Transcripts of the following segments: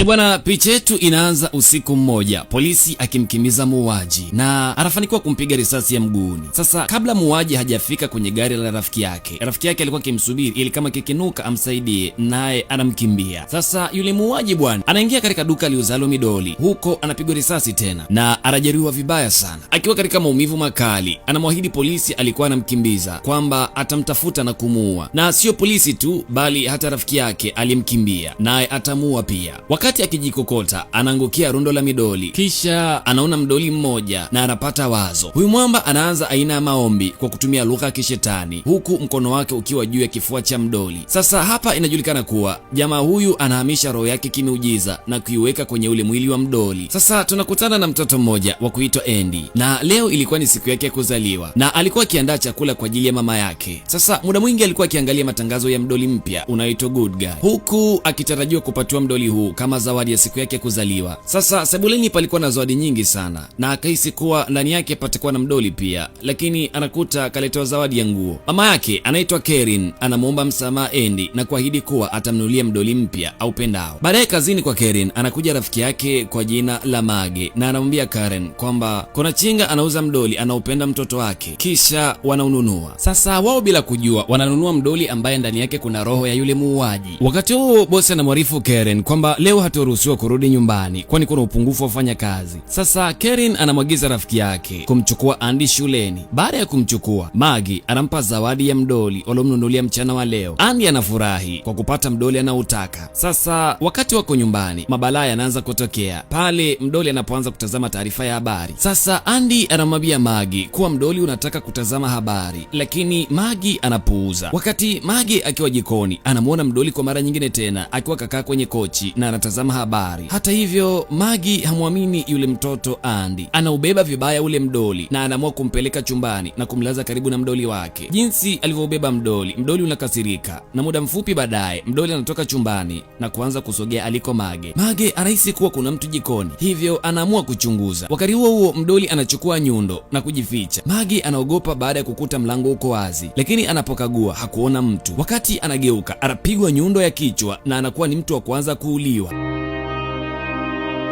ebwana eh, picha yetu inaanza usiku mmoja, polisi akimkimbiza muuaji na anafanikiwa kumpiga risasi ya mguuni. Sasa kabla muuaji hajafika kwenye gari la rafiki yake, rafiki yake alikuwa akimsubiri ili kama kikinuka amsaidie, naye anamkimbia. Sasa yule muuaji bwana anaingia katika duka liuzalo midoli, huko anapigwa risasi tena na anajeruhiwa vibaya sana. Akiwa katika maumivu makali, anamwahidi polisi alikuwa anamkimbiza kwamba atamtafuta na kumuua, na sio polisi tu, bali hata rafiki yake alimkimbia naye atamuua pia. Wakati Wakati akijikokota anaangukia rundo la midoli, kisha anaona mdoli mmoja na anapata wazo. Huyu mwamba anaanza aina ya maombi kwa kutumia lugha ya kishetani, huku mkono wake ukiwa juu ya kifua cha mdoli. Sasa hapa inajulikana kuwa jamaa huyu anahamisha roho yake kimeujiza na kuiweka kwenye ule mwili wa mdoli. Sasa tunakutana na mtoto mmoja wa kuitwa Andy, na leo ilikuwa ni siku yake ya kuzaliwa na alikuwa akiandaa chakula kwa ajili ya mama yake. Sasa muda mwingi alikuwa akiangalia matangazo ya mdoli mpya unaoitwa Good Guy, huku akitarajiwa kupatiwa mdoli huu kama kama zawadi ya siku yake kuzaliwa. Sasa sebuleni palikuwa na zawadi nyingi sana, na akahisi kuwa ndani yake patakuwa na mdoli pia, lakini anakuta kaletewa zawadi ya nguo. Mama yake anaitwa Kerin anamwomba msamaha Endi na kuahidi kuwa atamnulia mdoli mpya aupendao. Baadaye kazini kwa Kerin anakuja rafiki yake kwa jina la Mage na anamwambia Karen kwamba kuna chinga anauza mdoli anaopenda mtoto wake, kisha wanaununua. Sasa wao bila kujua wananunua mdoli ambaye ndani yake kuna roho ya yule muuaji. Wakati huo bosi anamwarifu Karen kwamba leo hatoruhusiwa kurudi nyumbani kwani kuna upungufu wa wafanya kazi. Sasa Karen anamwagiza rafiki yake kumchukua Andy shuleni. Baada ya kumchukua, Maggie anampa zawadi ya mdoli waliomnunulia mchana wa leo. Andy anafurahi kwa kupata mdoli anautaka Sasa wakati wako nyumbani, mabalaa yanaanza kutokea pale mdoli anapoanza kutazama taarifa ya habari. Sasa Andy anamwambia Maggie kuwa mdoli unataka kutazama habari, lakini Maggie anapuuza. Wakati Maggie akiwa jikoni, anamwona mdoli kwa mara nyingine tena akiwa kakaa kwenye kochi na anatazama za habari Hata hivyo, Magi hamwamini yule mtoto Andi, anaubeba vibaya ule mdoli na anaamua kumpeleka chumbani na kumlaza karibu na mdoli wake. Jinsi alivyobeba mdoli, mdoli unakasirika, na muda mfupi baadaye mdoli anatoka chumbani na kuanza kusogea aliko Mage. Mage anahisi kuwa kuna mtu jikoni, hivyo anaamua kuchunguza. Wakati huo huo, mdoli anachukua nyundo na kujificha. Mage anaogopa baada ya kukuta mlango uko wazi, lakini anapokagua hakuona mtu. Wakati anageuka, anapigwa nyundo ya kichwa na anakuwa ni mtu wa kwanza kuuliwa.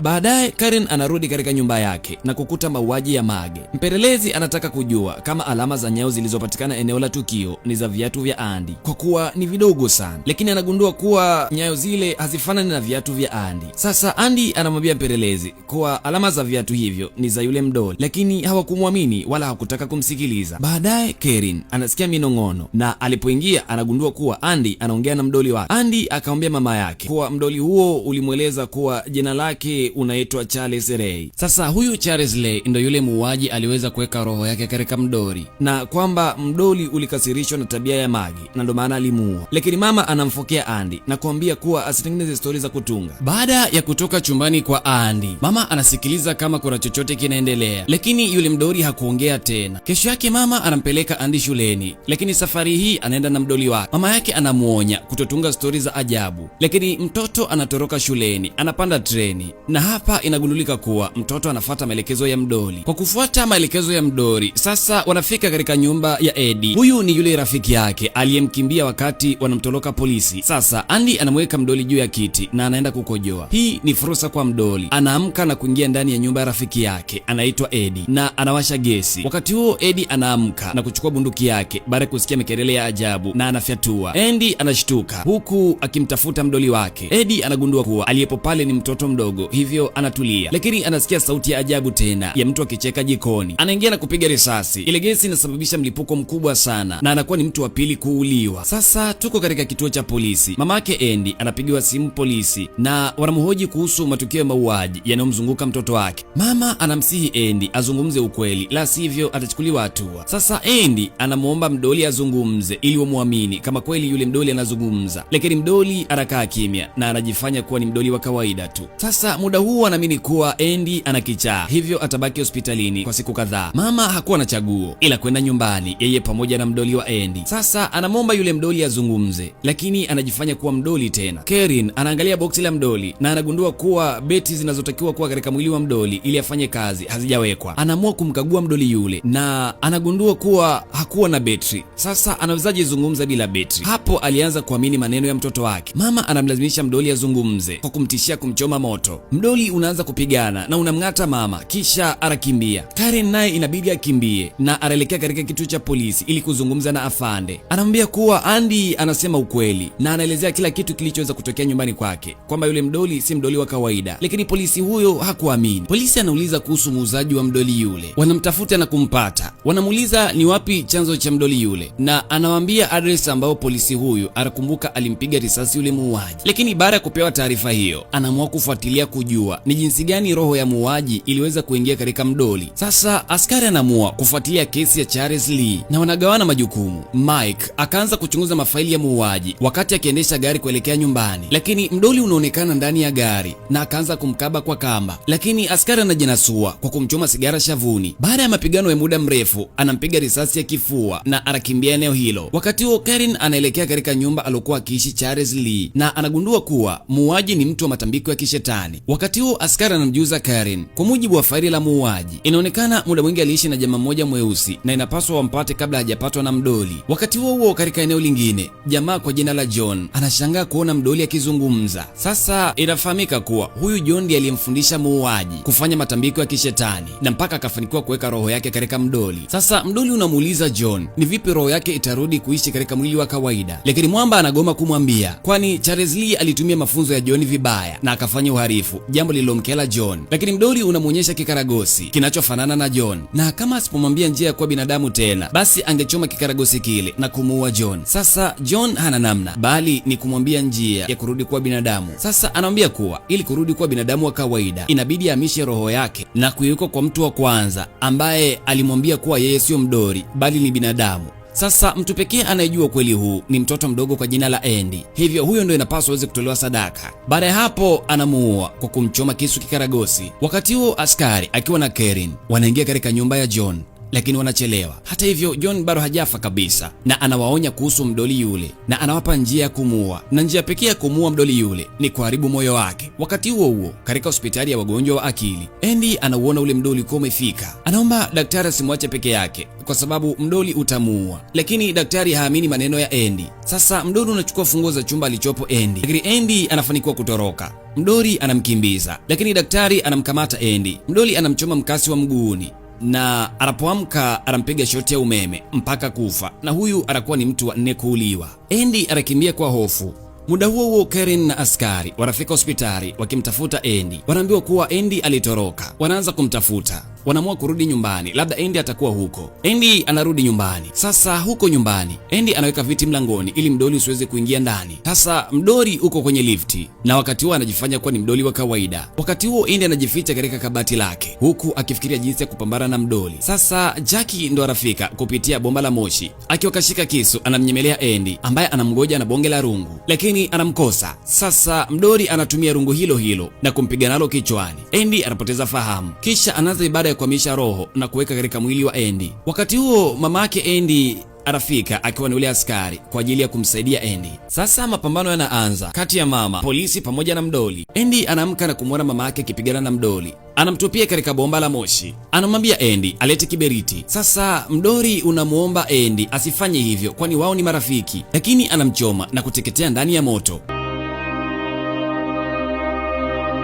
Baadaye Karen anarudi katika nyumba yake na kukuta mauaji ya Mage. Mpelelezi anataka kujua kama alama za nyayo zilizopatikana eneo la tukio ni za viatu vya Andi kwa kuwa ni vidogo sana, lakini anagundua kuwa nyayo zile hazifanani na viatu vya Andi. Sasa Andi anamwambia mpelelezi kuwa alama za viatu hivyo ni za yule mdoli, lakini hawakumwamini wala hawakutaka kumsikiliza. Baadaye Karen anasikia minong'ono na alipoingia anagundua kuwa Andi anaongea na mdoli wake. Andi akamwambia mama yake kuwa mdoli huo ulimweleza kuwa jina lake unaitwa Charles Ray. Sasa huyu Charles Ray ndo yule muuaji aliweza kuweka roho yake katika mdori, na kwamba mdoli ulikasirishwa na tabia ya Magi na ndo maana alimuua, lakini mama anamfokea Andi na kuambia kuwa asitengeneze stori za kutunga. Baada ya kutoka chumbani kwa Andi, mama anasikiliza kama kuna chochote kinaendelea, lakini yule mdoli hakuongea tena. Kesho yake mama anampeleka Andi shuleni, lakini safari hii anaenda na mdoli wake. Mama yake anamwonya kutotunga stori za ajabu, lakini mtoto anatoroka shuleni, anapanda treni na hapa inagundulika kuwa mtoto anafata maelekezo ya mdoli Kwa kufuata maelekezo ya Mdori, sasa wanafika katika nyumba ya Edi. Huyu ni yule rafiki yake aliyemkimbia wakati wanamtoroka polisi. Sasa andi anamweka mdoli juu ya kiti na anaenda kukojoa. Hii ni fursa kwa mdoli anaamka na kuingia ndani ya nyumba ya rafiki yake anaitwa Edi na anawasha gesi. Wakati huo Edi anaamka na kuchukua bunduki yake baada ya kusikia mikelele ya ajabu na anafyatua. endi anashtuka huku akimtafuta mdoli wake. Edi anagundua kuwa aliyepo pale ni mtoto mdogo hivi hivyo anatulia, lakini anasikia sauti ya ajabu tena ya mtu akicheka jikoni. Anaingia na kupiga risasi. Ile gesi inasababisha mlipuko mkubwa sana na anakuwa ni mtu wa pili kuuliwa. Sasa tuko katika kituo cha polisi. Mamake Andy anapigiwa simu polisi na wanamhoji kuhusu matukio ya mauaji yanayomzunguka mtoto wake. Mama anamsihi Andy azungumze ukweli, la sivyo atachukuliwa hatua. Sasa Andy anamwomba Mdoli azungumze ili wamwamini kama kweli yule Mdoli anazungumza, lakini Mdoli anakaa kimya na anajifanya kuwa ni Mdoli wa kawaida tu. Sasa muda muda huu anaamini kuwa Andy ana kichaa, hivyo atabaki hospitalini kwa siku kadhaa. Mama hakuwa na chaguo ila kwenda nyumbani, yeye pamoja na mdoli wa Andy. Sasa anamwomba yule mdoli azungumze, lakini anajifanya kuwa mdoli tena. Karen anaangalia boksi la mdoli na anagundua kuwa beti zinazotakiwa kuwa katika mwili wa mdoli ili afanye kazi hazijawekwa. Anaamua kumkagua mdoli yule na anagundua kuwa hakuwa na betri. Sasa anawezaje zungumza bila betri? Hapo alianza kuamini maneno ya mtoto wake. Mama anamlazimisha mdoli azungumze kwa kumtishia kumchoma moto mdoli doli unaanza kupigana na unamng'ata mama, kisha anakimbia. Karen naye inabidi akimbie na anaelekea katika kituo cha polisi ili kuzungumza na afande. Anamwambia kuwa Andy anasema ukweli na anaelezea kila kitu kilichoweza kutokea nyumbani kwake, kwamba yule mdoli si mdoli wa kawaida, lakini polisi huyo hakuamini. Polisi anauliza kuhusu muuzaji wa mdoli yule, wanamtafuta na kumpata. Wanamuuliza ni wapi chanzo cha mdoli yule, na anawaambia address ambayo polisi huyu anakumbuka alimpiga risasi yule muuaji, lakini baada ya kupewa taarifa hiyo anaamua kufuatilia kujua kujua ni jinsi gani roho ya muuaji iliweza kuingia katika mdoli. Sasa askari anaamua kufuatilia kesi ya Charles Lee na wanagawana majukumu. Mike akaanza kuchunguza mafaili ya muuaji wakati akiendesha gari kuelekea nyumbani, lakini mdoli unaonekana ndani ya gari na akaanza kumkaba kwa kamba, lakini askari anajinasua kwa kumchoma sigara shavuni. Baada ya mapigano ya muda mrefu, anampiga risasi ya kifua na anakimbia eneo hilo. Wakati huo Karen anaelekea katika nyumba alokuwa akiishi Charles Lee na anagundua kuwa muuaji ni mtu wa matambiko ya kishetani. Wakati Wakati huo askari anamjuza Karen. Kwa mujibu wa faili la muuaji, inaonekana muda mwingi aliishi na jamaa mmoja mweusi na inapaswa wampate kabla hajapatwa na mdoli. Wakati huo huo, katika eneo lingine, jamaa kwa jina la John anashangaa kuona mdoli akizungumza. Sasa inafahamika kuwa huyu John ndiye aliyemfundisha muuaji kufanya matambiko ya kishetani na mpaka akafanikiwa kuweka roho yake katika mdoli. Sasa mdoli unamuuliza John ni vipi roho yake itarudi kuishi katika mwili wa kawaida, lakini mwamba anagoma kumwambia, kwani Charles Lee alitumia mafunzo ya John vibaya na akafanya uharifu jambo lililomkela John, lakini mdoli unamwonyesha kikaragosi kinachofanana na John, na kama asipomwambia njia ya kuwa binadamu tena, basi angechoma kikaragosi kile na kumuua John. Sasa John hana namna, bali ni kumwambia njia ya kurudi kuwa binadamu. Sasa anamwambia kuwa ili kurudi kuwa binadamu wa kawaida, inabidi ahamishe roho yake na kuiweka kwa mtu wa kwanza ambaye alimwambia kuwa yeye sio mdoli bali ni binadamu. Sasa mtu pekee anayejua ukweli huu ni mtoto mdogo kwa jina la Endi, hivyo huyo ndio inapaswa aweze kutolewa sadaka. Baada ya hapo, anamuua kwa kumchoma kisu kikaragosi. Wakati huo askari akiwa na Kerin wanaingia katika nyumba ya John lakini wanachelewa. Hata hivyo, John bado hajafa kabisa, na anawaonya kuhusu mdoli yule na anawapa njia ya kumuua, na njia pekee ya kumuua mdoli yule ni kuharibu moyo wake. Wakati huo huo, katika hospitali ya wagonjwa wa akili, Andy anauona ule mdoli kuwa umefika. Anaomba daktari asimwache peke yake kwa sababu mdoli utamuua, lakini daktari haamini maneno ya Andy. Sasa mdoli unachukua funguo za chumba alichopo Andy, lakini Andy anafanikiwa kutoroka. Mdoli anamkimbiza lakini daktari anamkamata Andy. Mdoli anamchoma mkasi wa mguuni na anapoamka anampiga shoti ya umeme mpaka kufa, na huyu anakuwa ni mtu wa nne kuuliwa. Endi anakimbia kwa hofu. Muda huo huo Karen na askari wanafika hospitali wakimtafuta Endi, wanaambiwa kuwa Endi alitoroka. Wanaanza kumtafuta wanaamua kurudi nyumbani, labda Andy atakuwa huko. Andy anarudi nyumbani. Sasa huko nyumbani, Andy anaweka viti mlangoni ili mdoli usiweze kuingia ndani. Sasa mdoli uko kwenye lifti, na wakati huo anajifanya kuwa ni mdoli wa kawaida. Wakati huo Andy anajificha katika kabati lake, huku akifikiria jinsi ya kupambana na mdoli. Sasa Jackie ndo anafika kupitia bomba la moshi, akiwa kashika kisu, anamnyemelea Andy ambaye anamgoja na bonge la rungu, lakini anamkosa. Sasa mdoli anatumia rungu hilo hilo na kumpiga nalo kichwani. Andy anapoteza fahamu, kisha anaanza ibada ya kuhamisha roho na kuweka katika mwili wa Andy. Wakati huo mama yake Andy anafika akiwa ni ule askari kwa ajili ya kumsaidia Andy. Sasa mapambano yanaanza kati ya mama polisi pamoja na mdoli. Andy anaamka na kumwona mama yake akipigana na mdoli, anamtupia katika bomba la moshi, anamwambia Andy alete kiberiti. Sasa mdoli unamwomba Andy asifanye hivyo, kwani wao ni marafiki, lakini anamchoma na kuteketea ndani ya moto.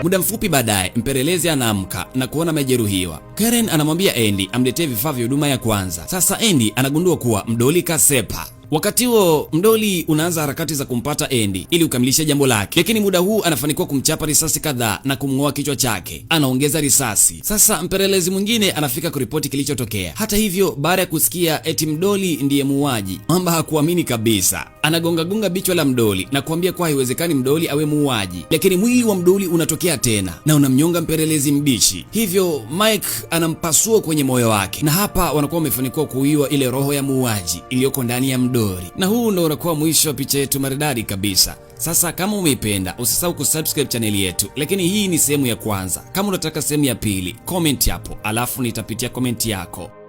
Muda mfupi baadaye, mpelelezi anaamka na kuona majeruhiwa. Karen anamwambia Andy amletee vifaa vya huduma ya kwanza. Sasa Andy anagundua kuwa Mdolika Sepa Wakati huo Mdoli unaanza harakati za kumpata Endi ili ukamilishe jambo lake, lakini muda huu anafanikiwa kumchapa risasi kadhaa na kumng'oa kichwa chake. Anaongeza risasi. Sasa mpelelezi mwingine anafika kuripoti kilichotokea. Hata hivyo, baada ya kusikia eti Mdoli ndiye muuaji, Mamba hakuamini kabisa. Anagongagonga bichwa la Mdoli na kuambia kuwa haiwezekani Mdoli awe muuaji, lakini mwili wa Mdoli unatokea tena na unamnyonga mpelelezi mbishi. Hivyo Mike anampasua kwenye moyo wake, na hapa wanakuwa wamefanikiwa kuiwa ile roho ya muuaji iliyoko ndani ya Mdoli story. Na huu ndo unakuwa mwisho wa picha yetu maridadi kabisa. Sasa kama umeipenda usisahau kusubscribe chaneli yetu, lakini hii ni sehemu ya kwanza. Kama unataka sehemu ya pili, comment hapo, alafu nitapitia komenti yako.